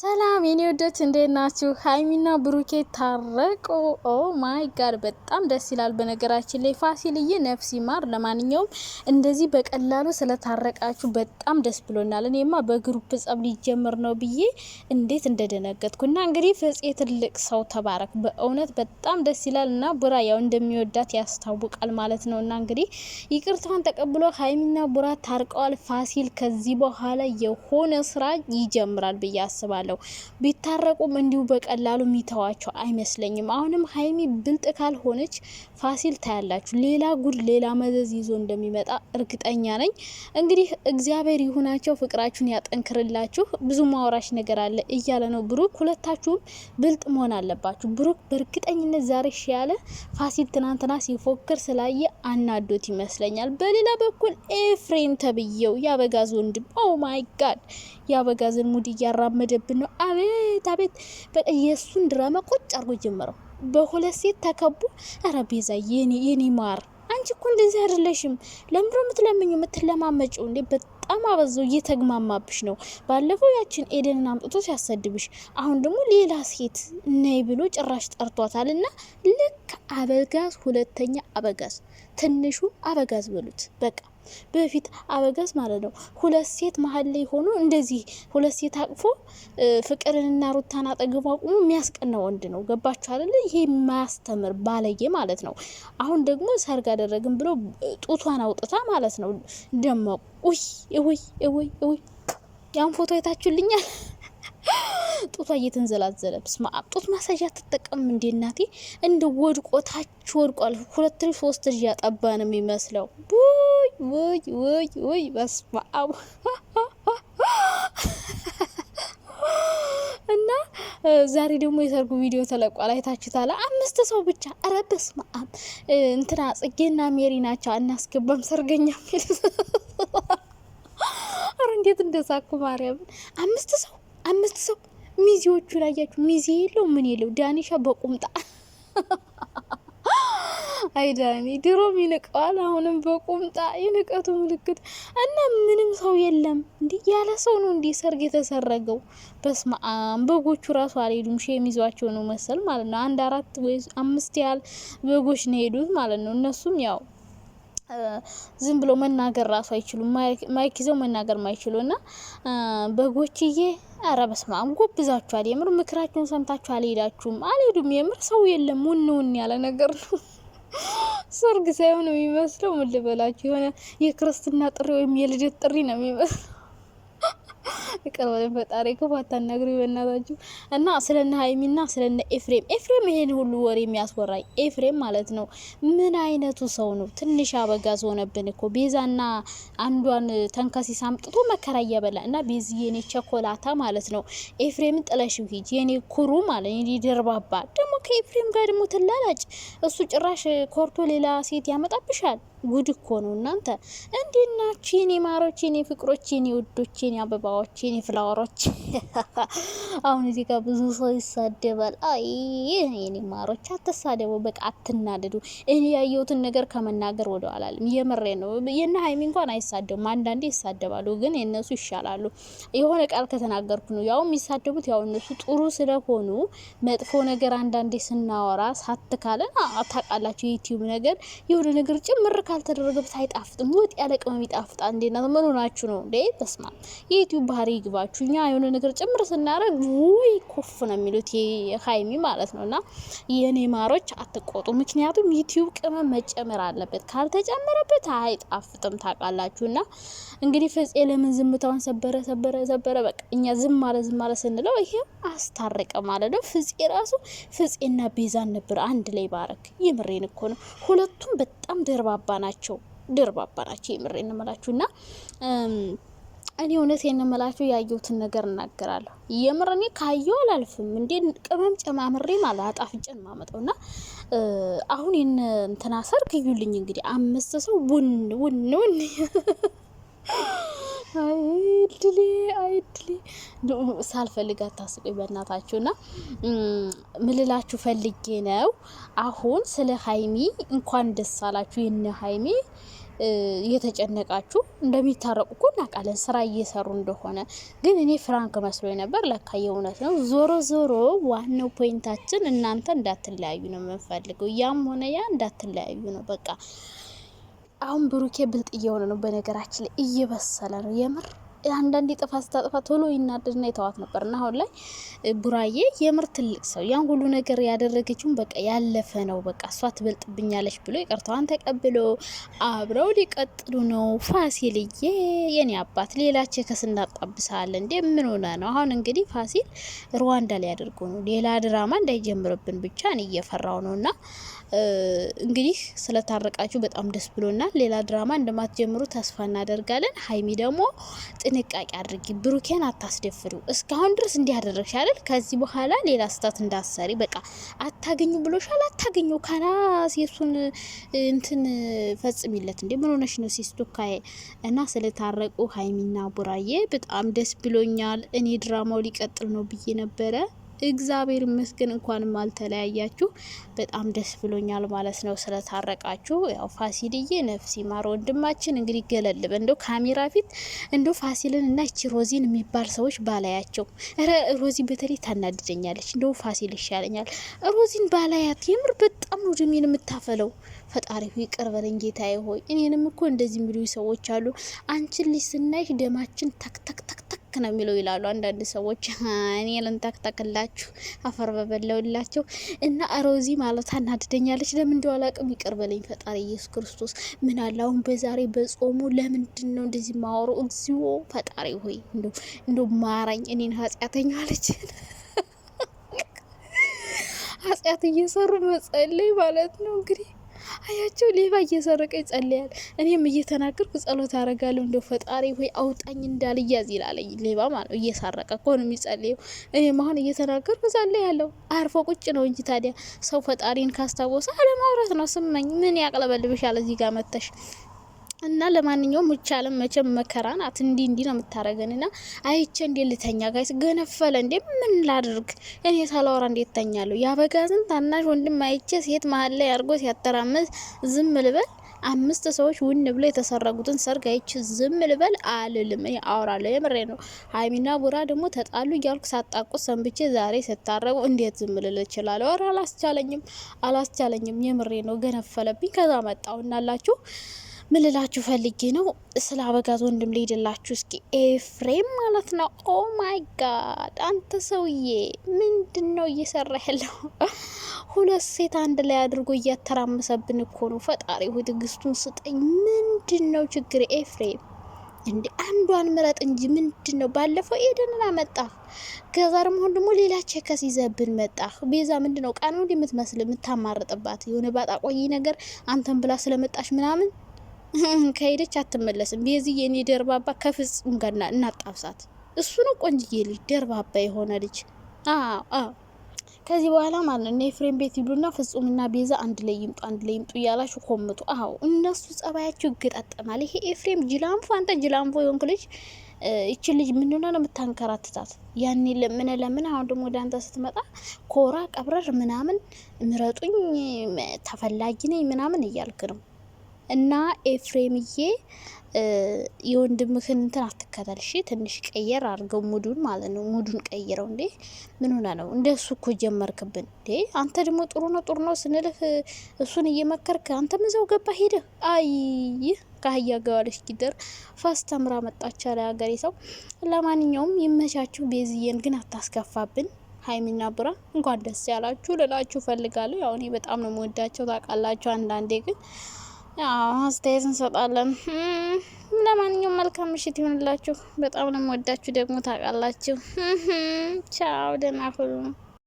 ሰላም የኔ ወዶች እንዴት ናችሁ? ሀይሚና ብሩኬ ታረቁ። ኦ ማይ ጋድ በጣም ደስ ይላል። በነገራችን ላይ ፋሲልዬ ነፍስ ይማር። ለማንኛውም እንደዚህ በቀላሉ ስለታረቃችሁ በጣም ደስ ብሎናል። እኔማ በግሩፕ ጸብ ሊጀምር ነው ብዬ እንዴት እንደደነገጥኩ እና እንግዲህ ፍፄ ትልቅ ሰው ተባረክ። በእውነት በጣም ደስ ይላል እና ቡራ ያው እንደሚወዳት ያስታውቃል ማለት ነው እና እንግዲህ ይቅርታውን ተቀብሎ ሀይሚና ቡራ ታርቀዋል። ፋሲል ከዚህ በኋላ የሆነ ስራ ይጀምራል ብዬ አስባለሁ። አለው። ቢታረቁም እንዲሁ በቀላሉ የሚተዋቸው አይመስለኝም። አሁንም ሀይሚ ብልጥ ካልሆነች ፋሲል ታያላችሁ፣ ሌላ ጉድ፣ ሌላ መዘዝ ይዞ እንደሚመጣ እርግጠኛ ነኝ። እንግዲህ እግዚአብሔር ይሁናቸው፣ ፍቅራችሁን ያጠንክርላችሁ። ብዙ ማውራሽ ነገር አለ እያለ ነው ብሩክ። ሁለታችሁም ብልጥ መሆን አለባችሁ። ብሩክ በእርግጠኝነት ዛሬ ሺ ያለ ፋሲል ትናንትና ሲፎክር ስላየ አናዶት ይመስለኛል። በሌላ በኩል ኤፍሬም ተብዬው ያበጋዝ ወንድም ኦ ማይ ጋድ ያበጋዝን ሙድ እያራመደብን ምንድን ነው? አቤት አቤት! የእሱን ድራማ ቁጭ አድርጎ ጀመረው። በሁለት ሴት ተከቡ። ኧረ ቤዛ የኔ ማር አንቺ እኮ እንደዚህ አይደለሽም። ለምንድን ነው የምትለምኙ የምትለማመጪው እንዴ? በጣም አበዛው። እየተግማማብሽ ነው። ባለፈው ያችን ኤደንን አምጥቶ ሲያሰድብሽ፣ አሁን ደግሞ ሌላ ሴት ነይ ብሎ ጭራሽ ጠርቷታል። እና ልክ አበጋዝ ሁለተኛ አበጋዝ ትንሹ አበጋዝ በሉት በቃ በፊት አበጋዝ ማለት ነው። ሁለት ሴት መሀል ላይ ሆኖ እንደዚህ ሁለት ሴት አቅፎ ፍቅርንና ሩታን አጠገቡ አቁሞ የሚያስቀና ወንድ ነው። ገባችሁ አይደለ? ይሄ የማያስተምር ባለየ ማለት ነው። አሁን ደግሞ ሰርግ አደረግን ብሎ ጡቷን አውጥታ ማለት ነው ደሞ ውይ ውይ ውይ ውይ! ያን ፎቶ አይታችሁልኛል? ጡቷ እየተንዘላዘለ ብስማ ጡት ማሳጅ አትጠቀምም እንዴ እናቴ? እንደ ወድቆ ታች ወድቋል። ሁለት ልጅ ሶስት ልጅ ያጠባ ነው የሚመስለው። ውይ ውይ ውይ ውይ በስማ እና ዛሬ ደግሞ የሰርጉ ቪዲዮ ተለቋል። አይታችሁታል? አምስት ሰው ብቻ። ኧረ በስመ አብ! እንትና ጽጌና ሜሪ ናቸው። አናስገባም ሰርገኛ ሚል ኧረ እንዴት እንደሳኩ ማርያምን! አምስት ሰው አምስት ሰው ሚዜዎቹ ላያችሁ ሚዜ የለው ምን የለው ዳኒሻ በቁምጣ ዳኒ ድሮም ይንቀዋል፣ አሁንም በቁምጣ የንቀቱ ምልክት እና ምንም ሰው የለም። እንዲህ ያለ ሰው ነው እንዲህ ሰርግ የተሰረገው። በስመ አብ በጎቹ ራሱ አልሄዱም። ሼም ይዟቸው ነው መሰል ማለት ነው። አንድ አራት ወይ አምስት ያህል በጎች ነው ሄዱት ማለት ነው። እነሱም ያው ዝም ብሎ መናገር ራሱ አይችሉም። ማይክ ይዘው መናገር ማይችሉ እና በጎችዬ ኧረ በስመ አብ ጎብዛችኋል። የምር ምክራችሁን ሰምታችሁ አልሄዳችሁም። አልሄዱም። የምር ሰው የለም። ውን ውን ያለ ነገር ነው። ሰርግ ሳይሆን የሚመስለው ምን ልበላችሁ፣ የሆነ የክርስትና ጥሪ ወይም የልደት ጥሪ ነው የሚመስለው። ቅርበን ፈጣሪ እኮ ባታናግሪ በእናታችሁ። እና ስለነ ሀይሚና ስለነ ኤፍሬም ኤፍሬም ይሄን ሁሉ ወሬ የሚያስወራኝ ኤፍሬም ማለት ነው። ምን አይነቱ ሰው ነው? ትንሽ አበጋዝ ሆነብን እኮ ቤዛና አንዷን ተንከሲስ አምጥቶ መከራ እያበላ እና ቤዚ የኔ ቸኮላታ ማለት ነው። ኤፍሬም ጥለሽው ሂጅ የኔ ኩሩ ማለት ኔ ደርባባ ደግሞ ከኤፍሬም ጋር ደግሞ ትላላጭ። እሱ ጭራሽ ኮርቶ ሌላ ሴት ያመጣብሻል። ጉድ እኮ ነው እናንተ። እንዴት ናችሁ የኔ ማሮች፣ የኔ ፍቅሮች፣ የኔ ውዶች፣ የኔ አበባዎች፣ የኔ ፍላወሮች? አሁን እዚህ ጋር ብዙ ሰው ይሳደባል። አይ የኔ ማሮች አትሳደቡ፣ በቃ አትናደዱ። እኔ ያየሁትን ነገር ከመናገር ወደ አላለም። የምሬ ነው። የነ ሀይሚ እንኳን አይሳደቡም። አንዳንዴ ይሳደባሉ፣ ግን የነሱ ይሻላሉ። የሆነ ቃል ከተናገርኩ ነው ያው የሚሳደቡት። ያው እነሱ ጥሩ ስለሆኑ መጥፎ ነገር አንዳንዴ ስናወራ ሳትካለን ታውቃላችሁ፣ የዩቲዩብ ነገር የሆነ ነገር ጭምር ካልተደረገበት አይጣፍጥም። ወጥ ያለ ቅመም ይጣፍጣ እንዴና ምን ሆናችሁ ነው እንዴ? በስማ የዩቲዩብ ባህሪ ይግባችሁ። እኛ የሆነ ነገር ጭምር ስናደርግ ውይ ኮፍ ነው የሚሉት ሀይሚ ማለት ነው። እና የኔ ማሮች አትቆጡ። ምክንያቱም ዩቲዩብ ቅመም መጨመር አለበት። ካልተጨመረበት አይጣፍጥም። ታውቃላችሁ። እና እንግዲህ ፍፄ ለምን ዝምታውን ሰበረ ሰበረ ሰበረ። በቃ እኛ ዝም ማለ ዝም ማለ ስንለው ይሄም አስታረቀ ማለት ነው። ፍጼ ራሱ ፍጼና ቤዛን ነበር አንድ ላይ ባረክ። የምሬን እኮ ነው ሁለቱም በጣም ደርባባ ናቸው። ደርባባ ናቸው። የምር እንምላችሁ እና እኔ እውነት የንመላችሁ ያየሁትን ነገር እናገራለሁ። የምር እኔ ካየው አላልፍም። እንዴ ቅመም ጨማምሬ ማለት አጣፍጭን ማመጠው እና አሁን የነ እንትና እዩልኝ እንግዲህ አምስት ሰው ውን ውን ውን አይድሌ አይድሌ ሳልፈልግ አታስቁኝ በእናታችሁ። ና ምልላችሁ ፈልጌ ነው። አሁን ስለ ሀይሚ እንኳን ደስ አላችሁ። ይህን ሀይሚ እየተጨነቃችሁ እንደሚታረቁ እኮ እናውቃለን፣ ስራ እየሰሩ እንደሆነ ግን እኔ ፍራንክ መስሎኝ ነበር። ለካ የእውነት ነው። ዞሮ ዞሮ ዋናው ፖይንታችን እናንተ እንዳትለያዩ ነው የምንፈልገው። ያም ሆነ ያ እንዳትለያዩ ነው በቃ አሁን ብሩኬ ብልጥ እየሆነ ነው። በነገራችን ላይ እየበሰለ ነው የምር አንዳንዴ ጥፋት ስታጥፋ ቶሎ ይናደድና የተዋት ነበር እና አሁን ላይ ቡራዬ የምር ትልቅ ሰው ያን ሁሉ ነገር ያደረገችውን በቃ ያለፈ ነው በቃ እሷ ትበልጥብኛለች ብሎ ይቅርታዋን ተቀብሎ አብረው ሊቀጥሉ ነው። ፋሲልዬ የኔ አባት ሌላ ቼከስ እናጣብሳለን እንዴ ምን ሆነ ነው? አሁን እንግዲህ ፋሲል ሩዋንዳ ላይ ያደርጉ ነው። ሌላ ድራማ እንዳይጀምርብን ብቻ እኔ እየፈራው ነው እና እንግዲህ ስለታረቃችሁ በጣም ደስ ብሎናል። ሌላ ድራማ እንደማትጀምሩ ተስፋ እናደርጋለን። ሀይሚ ደግሞ ጥንቃቄ አድርጊ፣ ብሩኬን አታስደፍሩ። እስካሁን ድረስ እንዲያደረግሽ አይደል? ከዚህ በኋላ ሌላ ስታት እንዳሰሪ። በቃ አታገኙ ብሎሻል። አታገኙ ከራስ የሱን እንትን ፈጽሚለት እንዴ። ምን ሆነሽ ነው ሲስቱካዬ? እና ስለታረቁ ሀይሚና ቡራዬ በጣም ደስ ብሎኛል። እኔ ድራማው ሊቀጥል ነው ብዬ ነበረ። እግዚአብሔር ይመስገን እንኳንም አልተለያያችሁ። በጣም ደስ ብሎኛል ማለት ነው ስለታረቃችሁ። ያው ፋሲልዬ ነፍስ ይማር ወንድማችን። እንግዲህ ገለልብ እንደው ካሜራ ፊት እንደው ፋሲልን እና እቺ ሮዚን የሚባል ሰዎች ባላያቸው ረ ሮዚ በተለይ ታናድደኛለች። እንደው ፋሲል ይሻለኛል ሮዚን ባላያት። የምር በጣም ነው ደሜን የምታፈለው። ፈጣሪ ሆይ ይቅር በለኝ ጌታዬ ሆይ። እኔንም እኮ እንደዚህ የሚሉ ሰዎች አሉ። አንቺን ልጅ ስናይሽ ደማችን ተክተክተክ ልክ ነው የሚለው ይላሉ አንዳንድ ሰዎች። እኔ ልንታክታክላችሁ አፈር በበላውላቸው እና ሮዚ ማለት አናድደኛለች። ለምን እንደው አላውቅም። ይቅር በለኝ ፈጣሪ ኢየሱስ ክርስቶስ። ምን አለ አሁን በዛሬ በጾሙ ለምንድን ነው እንደዚህ ማወሩ? እግዚኦ ፈጣሪ ሆይ እንዶ ማረኝ እኔን ኃጢአተኛለች ኃጢአት እየሰሩ መጸለይ ማለት ነው እንግዲህ አያቸው ሌባ እየሰረቀ ይጸልያል፣ እኔም እየተናገርኩ ጸሎት አረጋለሁ። እንደው ፈጣሪ ሆይ አውጣኝ እንዳልያዝ ይላለኝ ሌባ ማለት ነው። እየሰረቀ እኮ ነው የሚጸልየው። እኔም አሁን እየተናገርኩ ጸልያለሁ። አርፎ ቁጭ ነው እንጂ ታዲያ ሰው ፈጣሪን ካስታወሰ አለማውራት ነው። ስመኝ ምን ያቅለበልብሻል እዚህ ጋር መተሽ እና ለማንኛውም ውቻለም መቼም መከራ ናት። እንዲህ እንዲህ ነው የምታረገን። ና አይቼ እንዴ ልተኛ ጋይስ? ገነፈለ እንዴ! ምን ላድርግ እኔ ሳላወራ እንዴት ተኛለሁ? የአበጋዝን ታናሽ ወንድም አይቼ ሴት መሀል ላይ አድርጎ ሲያተራምስ ዝም ልበል? አምስት ሰዎች ውን ብሎ የተሰረጉትን ሰርግ አይቼ ዝም ልበል? አልልም። እኔ አወራለሁ። የምሬ ነው። ሀይሚና ቡራ ደግሞ ተጣሉ እያልኩ ሳጣቁት ሰንብቼ ዛሬ ስታረጉ እንዴት ዝም ልል እችላለሁ? ወር አላስቻለኝም፣ አላስቻለኝም። የምሬ ነው። ገነፈለብኝ። ከዛ መጣሁ እናላችሁ ምልላችሁ ፈልጌ ነው ስለ አበጋዝ ወንድም ልሄድላችሁ እስኪ ኤፍሬም ማለት ነው። ኦ ማይ ጋድ አንተ ሰውዬ ምንድን ነው እየሰራ ያለው? ሁለት ሴት አንድ ላይ አድርጎ እያተራመሰብን እኮ ነው። ፈጣሪ ሆይ ትዕግስቱን ስጠኝ። ምንድን ነው ችግር ኤፍሬም? እንደ አንዷን ምረጥ እንጂ ምንድን ነው? ባለፈው ኤደንን አመጣህ፣ ከዛ ደግሞ ወንድሞ ሌላ ቸከስ ይዘብን መጣህ። ቤዛ ምንድን ነው ቃል ነው የምትመስል የምታማርጥባት የሆነ ባጣቆይ ነገር አንተን ብላ ስለመጣሽ ምናምን ከሄደች አትመለስም። ቤዝዬ እኔ ደርባባ ከፍጹም ጋር እናጣብሳት። እሱ ነው ቆንጅዬ ልጅ ደርባባ የሆነ ልጅ። አዎ ከዚህ በኋላ ማለት ነው የፍሬም ቤት ይሉና ፍጹምና ቤዛ አንድ ላይ ይምጡ፣ አንድ ላይ ይምጡ እያላችሁ ኮምቱ። አዎ እነሱ ጸባያቸው ይገጣጠማል። ይሄ ኤፍሬም ጅላንፎ፣ አንተ ጅላንፎ የሆንክ ልጅ ይችን ልጅ ምን ነው የምታንከራትታት? ያኔ ለምነ ለምን አሁን ደግሞ ወደ አንተ ስትመጣ ኮራ ቀብረር ምናምን ምረጡኝ፣ ተፈላጊ ነኝ ምናምን እያልክ ነው። እና ኤፍሬምዬ የወንድምህን እንትን አትከተል እሺ። ትንሽ ቀየር አድርገው ሙዱን ማለት ነው። ሙዱን ቀይረው። እንዴ ምን ሆነ ነው እንደ እሱ እኮ ጀመርክብን እንዴ? አንተ ደግሞ ጥሩ ነው ጥሩ ነው ስንልህ እሱን እየመከርክ አንተ ምዘው ገባ ሄደ አይ ከአህያ ገዋለች ጊደር ተምራ መጣች አለ ሀገሬ ሰው። ለማንኛውም ይመቻችሁ። ቤዝዬን ግን አታስከፋብን። ሀይሚና ብራ እንኳን ደስ ያላችሁ ልላችሁ ፈልጋለሁ። ያው እኔ በጣም ነው መወዳቸው ታውቃላችሁ። አንዳንዴ ግን አስተያየት እንሰጣለን። ለማንኛውም መልካም ምሽት ይሆንላችሁ። በጣም ነው የምወዳችሁ ደግሞ ታውቃላችሁ። ቻው፣ ደህና ሁኑ።